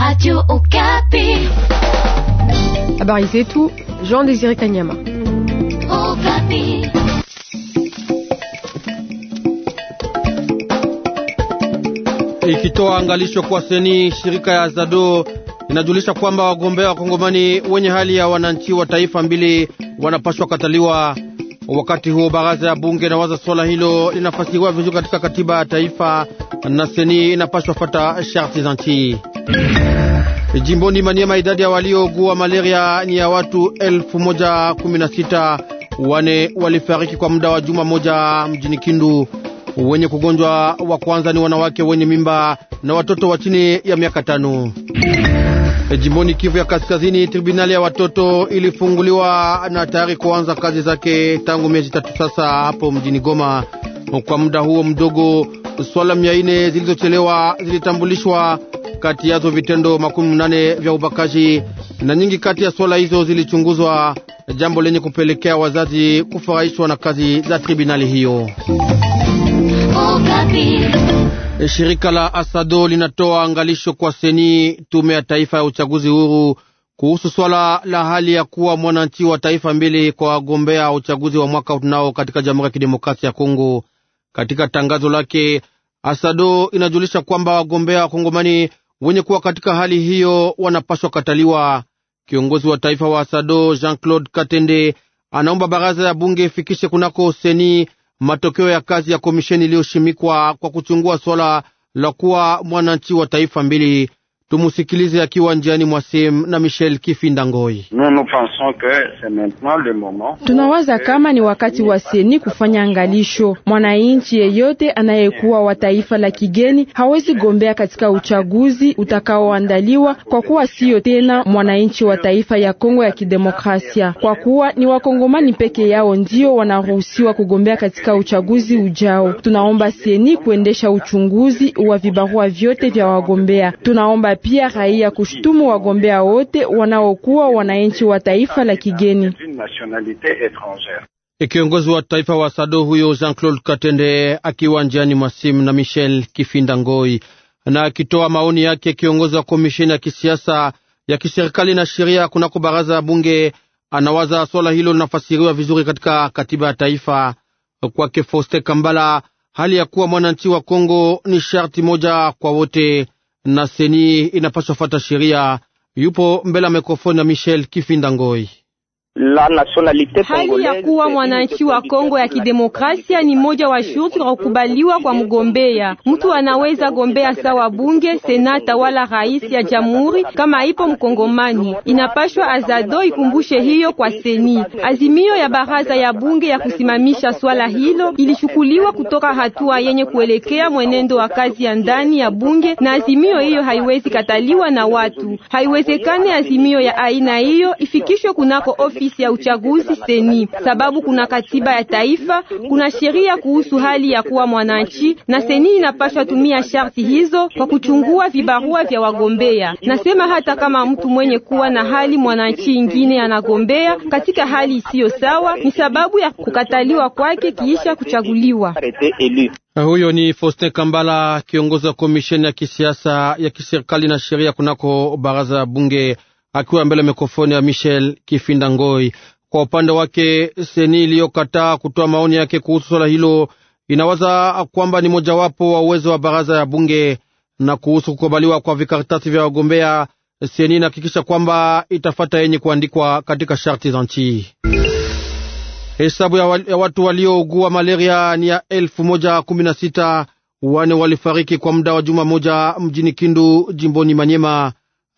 Radio Okapi. Habari zetu Jean Désiré Kanyama. Okapi. Ikitoa angalisho kwa seni, shirika ya Zado inajulisha kwamba wagombea wa Kongomani wenye hali ya wananchi wa taifa mbili wanapashwa kataliwa. Wakati huo baraza ya bunge na waza swala hilo linafasiriwa vizuri katika katiba ya taifa na seni inapashwa fata sharti za nchi. Jimboni Maniema, idadi ya waliougua malaria ni ya watu elfu moja kumi na sita. Wane walifariki kwa muda wa juma moja mjini Kindu. Wenye kugonjwa wa kwanza ni wanawake wenye mimba na watoto wa chini ya miaka tano. Jimboni Kivu ya Kaskazini, tribunali ya watoto ilifunguliwa na tayari kuanza kazi zake tangu miezi tatu sasa hapo mjini Goma. Kwa muda huo mdogo, swala mia nne zilizochelewa zilitambulishwa kati yazo vitendo makumi nane vya ubakaji, na nyingi kati ya swala hizo zilichunguzwa, jambo lenye kupelekea wazazi kufurahishwa na kazi za tribunali hiyo. shirika la Asado linatoa angalisho kwa seni tume ya taifa ya uchaguzi huru kuhusu swala la hali ya kuwa mwananchi wa taifa mbili kwa wagombea uchaguzi wa mwaka utunao katika Jamhuri ya Kidemokrasia ya Kongo. Katika tangazo lake, Asado inajulisha kwamba wagombea wakongomani wenye kuwa katika hali hiyo wanapaswa kataliwa. Kiongozi wa taifa wa Sado Jean-Claude Katende anaomba baraza ya bunge ifikishe kunako seni matokeo ya kazi ya komisheni iliyoshimikwa kwa kuchungua swala la kuwa mwananchi wa taifa mbili Tumusikilize akiwa njiani mwa simu na Michel Kifinda Ngoi. Tunawaza kama ni wakati wa seni kufanya angalisho. Mwananchi yeyote anayekuwa wa taifa la kigeni hawezi gombea katika uchaguzi utakaoandaliwa, kwa kuwa siyo tena mwananchi wa taifa ya Kongo ya Kidemokrasia, kwa kuwa ni wakongomani peke yao ndio wanaruhusiwa kugombea katika uchaguzi ujao. Tunaomba seni kuendesha uchunguzi wa vibarua vyote vya wagombea. Tunaomba pia raia kushutumu wagombea wote wanaokuwa wananchi wa taifa la kigeni. E, kiongozi wa taifa wa Sado huyo Jean-Claude Katende akiwa njiani mwasimu na Michel Kifinda Ngoi na akitoa maoni yake. Kiongozi wa komisheni ya kisiasa ya kiserikali na sheria kunako baraza ya bunge anawaza swala hilo linafasiriwa vizuri katika katiba ya taifa. Kwake Foste Kambala, hali ya kuwa mwananchi wa Kongo ni sharti moja kwa wote na seni inapaswa fata sheria. Yupo mbele ya mikrofoni ya Michel Kifinda Ngoi. La hali ya kuwa mwananchi wa Kongo ya kidemokrasia ni moja wa shurti za kukubaliwa kwa mgombea. Mtu anaweza gombea sawa bunge, senata wala rais ya jamhuri kama ipo mkongomani. Inapashwa azado ikumbushe hiyo kwa seni. Azimio ya baraza ya bunge ya kusimamisha swala hilo ilichukuliwa kutoka hatua yenye kuelekea mwenendo wa kazi ya ndani ya bunge, na azimio hiyo haiwezi kataliwa na watu. Haiwezekane azimio ya aina hiyo ifikishwe kunako ofi ofisi ya uchaguzi seni, sababu kuna katiba ya taifa, kuna sheria kuhusu hali ya kuwa mwananchi, na seni inapaswa tumia sharti hizo kwa kuchungua vibarua vya wagombea. Nasema hata kama mtu mwenye kuwa na hali mwananchi ingine anagombea katika hali isiyo sawa, ni sababu ya kukataliwa kwake kiisha kuchaguliwa. Eh, huyo ni Faustin Kambala, kiongozi wa komisheni ya kisiasa ya kiserikali na sheria kunako baraza la bunge akiwa mbele mikrofoni ya Michel Kifinda Ngoi. Kwa upande wake, seni iliyokataa kutoa maoni yake kuhusu swala hilo inawaza kwamba ni mojawapo wa uwezo wa baraza ya bunge. Na kuhusu kukubaliwa kwa vikaratasi vya wagombea, seni inahakikisha kwamba itafata yenye kuandikwa katika sharti za nchi. Hesabu ya, wa, ya watu waliougua malaria ni ya elfu moja kumi na sita. Wane walifariki kwa muda wa juma moja mjini Kindu, jimboni Manyema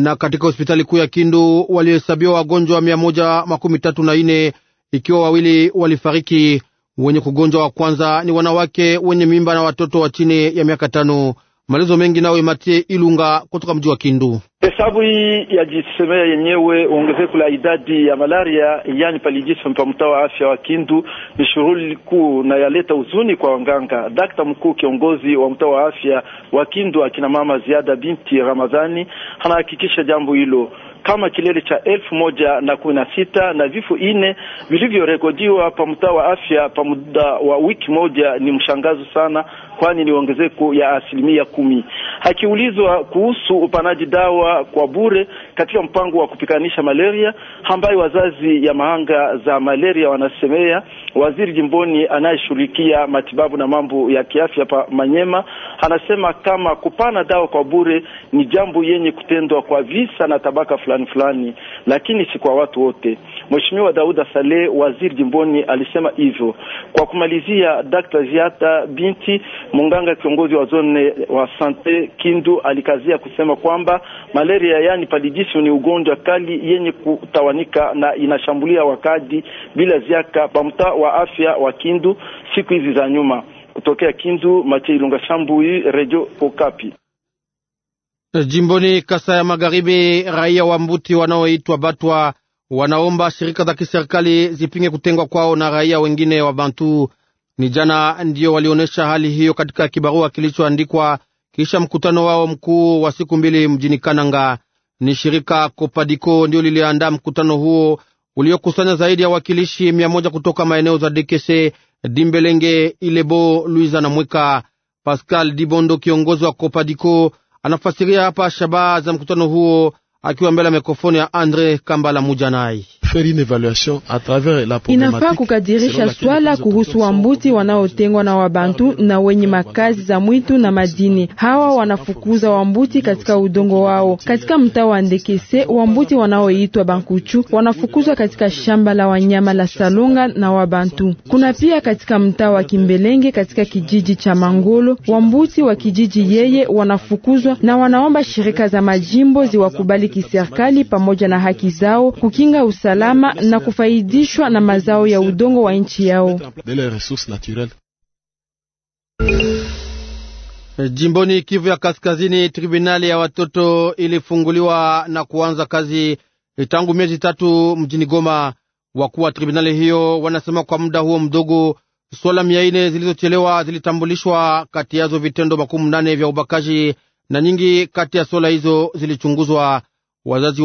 na katika hospitali kuu ya Kindu walihesabiwa wagonjwa mia moja makumi tatu na ine ikiwa wawili walifariki. Wenye kugonjwa wa kwanza ni wanawake wenye mimba na watoto wa chini ya miaka tano. Malizo mengi nawe Matie Ilunga kutoka mji wa Kindu. Hesabu hii yajisemea yenyewe. Ongezeko la idadi ya malaria yani paludisme pa mtaa wa afya wa Kindu ni shughuli kuu na yaleta huzuni kwa wanganga Dakta mkuu kiongozi wa mtaa wa afya wa Kindu akina mama Ziada binti Ramadhani anahakikisha jambo hilo kama kilele cha elfu moja na kumi na sita na vifo ine vilivyorekodiwa pa mtaa wa afya pa muda wa wiki moja ni mshangazo sana kwani ni ongezeko ya asilimia kumi. Akiulizwa kuhusu upanaji dawa kwa bure katika mpango wa kupikanisha malaria ambayo wazazi ya mahanga za malaria wanasemea, waziri jimboni anayeshughulikia matibabu na mambo ya kiafya pa Manyema anasema kama kupana dawa kwa bure ni jambo yenye kutendwa kwa visa na tabaka fulani fulani, lakini si kwa watu wote. Mheshimiwa Dauda Saleh, waziri jimboni, alisema hivyo. Kwa kumalizia, Dr. Ziata Binti Munganga kiongozi wa zone wa sante Kindu alikazia kusema kwamba malaria yani paludism ni ugonjwa kali yenye kutawanika na inashambulia wakadi bila ziaka pamta wa afya wa Kindu siku hizi za nyuma. Kutokea Kindu, Mache Ilunga Shambui, Radio Okapi. Jimboni Kasa ya Magharibi, raia wa Mbuti wanaoitwa Batwa wanaomba shirika za kiserikali zipinge kutengwa kwao na raia wengine wa Bantu ni jana ndiyo walionyesha hali hiyo katika kibarua kilichoandikwa kisha mkutano wao mkuu wa siku mbili mjini Kananga. Ni shirika Kopadiko ndio liliandaa mkutano huo uliokusanya zaidi ya wakilishi mia moja kutoka maeneo za Dekese, Dimbelenge, Ilebo, Luiza na Mweka. Pascal Dibondo, kiongozi wa Kopadiko, anafasiria hapa shabaha za mkutano huo akiwa mbele ya mikrofoni ya Andre Kambala Mujanai. Inafaa kukadirisha swala kuhusu wambuti wanaotengwa na wabantu na wenye makazi za mwitu na madini. Hawa wanafukuza wambuti katika udongo wao. Katika mtaa wa Ndekese, wambuti wanaoitwa Bankuchu wanafukuzwa katika shamba la wanyama la Salonga na wabantu. Kuna pia katika mtaa wa Kimbelenge, katika kijiji cha Mangolo, wambuti wa kijiji yeye wanafukuzwa na wanaomba shirika za majimbo ziwakubali kiserikali pamoja na haki zao, kukinga usalama na kufaidishwa na mazao ya udongo wa nchi yao. Jimboni Kivu ya Kaskazini, tribunali ya watoto ilifunguliwa na kuanza kazi tangu miezi tatu mjini Goma. Wakuu wa tribunali hiyo wanasema kwa muda huo mdogo swala mia nne zilizochelewa zilitambulishwa, kati yazo vitendo makumi nane vya ubakaji na nyingi kati ya swala hizo zilichunguzwa. Wazazi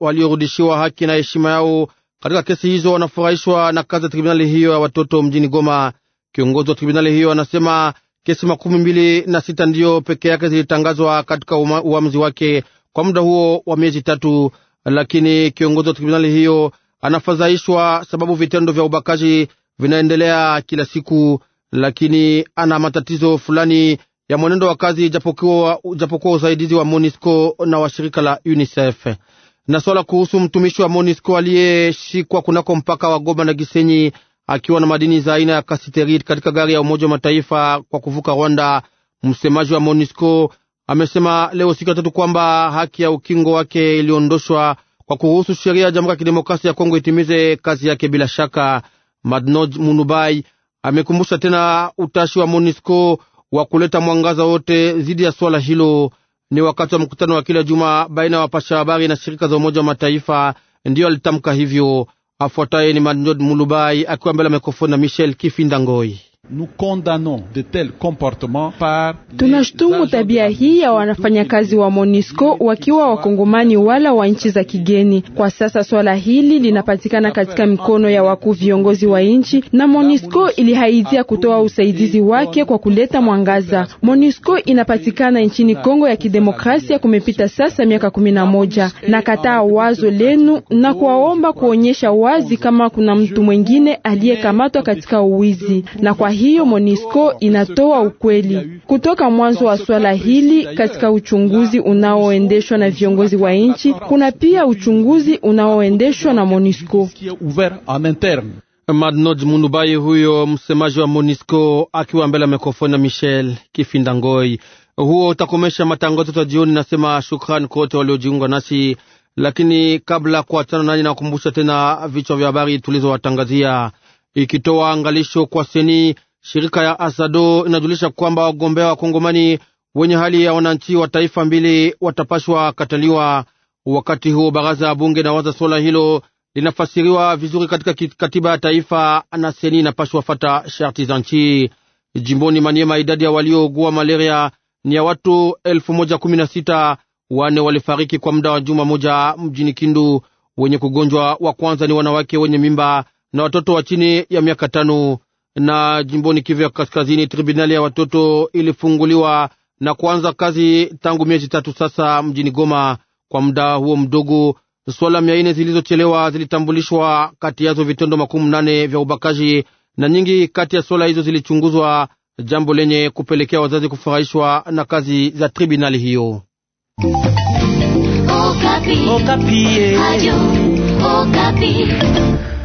waliorudishiwa haki na heshima yao katika kesi hizo wanafurahishwa na kazi ya tribunali hiyo ya watoto mjini Goma. Kiongozi wa tribunali hiyo anasema kesi makumi mbili na sita ndiyo peke yake zilitangazwa katika uamuzi wake kwa muda huo wa miezi tatu, lakini kiongozi wa tribunali hiyo anafadhaishwa sababu vitendo vya ubakaji vinaendelea kila siku, lakini ana matatizo fulani ya mwenendo wa kazi, ijapokuwa usaidizi wa MONUSCO na washirika la UNICEF. Na swala kuhusu mtumishi wa MONUSCO aliyeshikwa kunako mpaka wa Goma na Gisenyi akiwa na madini za aina ya kasiterit katika gari ya Umoja wa Mataifa kwa kuvuka Rwanda, msemaji wa MONUSCO amesema leo siku ya tatu kwamba haki ya ukingo wake iliondoshwa kwa kuruhusu sheria ya Jamhuri ya Kidemokrasia ya Kongo itimize kazi yake bila shaka. Madnod Munubai amekumbusha tena utashi wa MONUSCO wa kuleta mwangaza wote dhidi ya swala hilo. Ni wakati wa mkutano wa kila juma baina ya wapasha habari na shirika za Umoja wa Mataifa, ndiyo alitamka hivyo. Afuataye ni Manjod Mulubai akiwa mbele ya mikrofoni na Michel Kifindangoi. Nous condamnons de tels comportements par. Tunashtumu tabia hii ya wanafanyakazi wa MONUSCO wakiwa wakongomani wala wa nchi za kigeni. Kwa sasa swala hili linapatikana katika mikono ya wakuu viongozi wa nchi, na MONUSCO ilihaidia kutoa usaidizi wake kwa kuleta mwangaza. MONUSCO inapatikana nchini Kongo ya Kidemokrasia kumepita sasa miaka kumi na moja. Nakataa wazo lenu na kuwaomba kuonyesha wazi kama kuna mtu mwingine aliyekamatwa katika uwizi na kwa hiyo Monisco inatoa ukweli kutoka mwanzo wa swala hili katika uchunguzi unaoendeshwa na viongozi wa nchi. Kuna pia uchunguzi unaoendeshwa na Monisco. Madnod Munubai, huyo msemaji wa Monisco akiwa mbele ya mikrofoni na Michel Kifindangoi. Huo utakomesha matangazo ya jioni. Nasema shukrani kwa wote waliojiunga nasi, lakini kabla kuachana nanyi, nakumbusha tena vichwa vya habari tulizowatangazia, ikitoa angalisho kwa seni Shirika ya Asado inajulisha kwamba wagombea wa Kongomani wenye hali ya wananchi wa taifa mbili watapashwa kataliwa. Wakati huo baraza ya bunge na waza swala hilo linafasiriwa vizuri katika katiba ya taifa na seni inapashwa fata sharti za nchi. Jimboni Maniema, idadi ya waliougua malaria ni ya watu elfu moja kumi na sita. Wane walifariki kwa muda wa juma moja mjini Kindu. Wenye kugonjwa wa kwanza ni wanawake wenye mimba na watoto wa chini ya miaka tano na jimboni Kivu ya Kaskazini, tribunali ya watoto ilifunguliwa na kuanza kazi tangu miezi tatu sasa mjini Goma. Kwa muda huo mdogo, swala mia nne zilizochelewa zilitambulishwa, kati yazo vitendo makumi nane vya ubakaji, na nyingi kati ya swala hizo zilichunguzwa, jambo lenye kupelekea wazazi kufurahishwa na kazi za tribunali hiyo. Okapi. Okapi. Eh.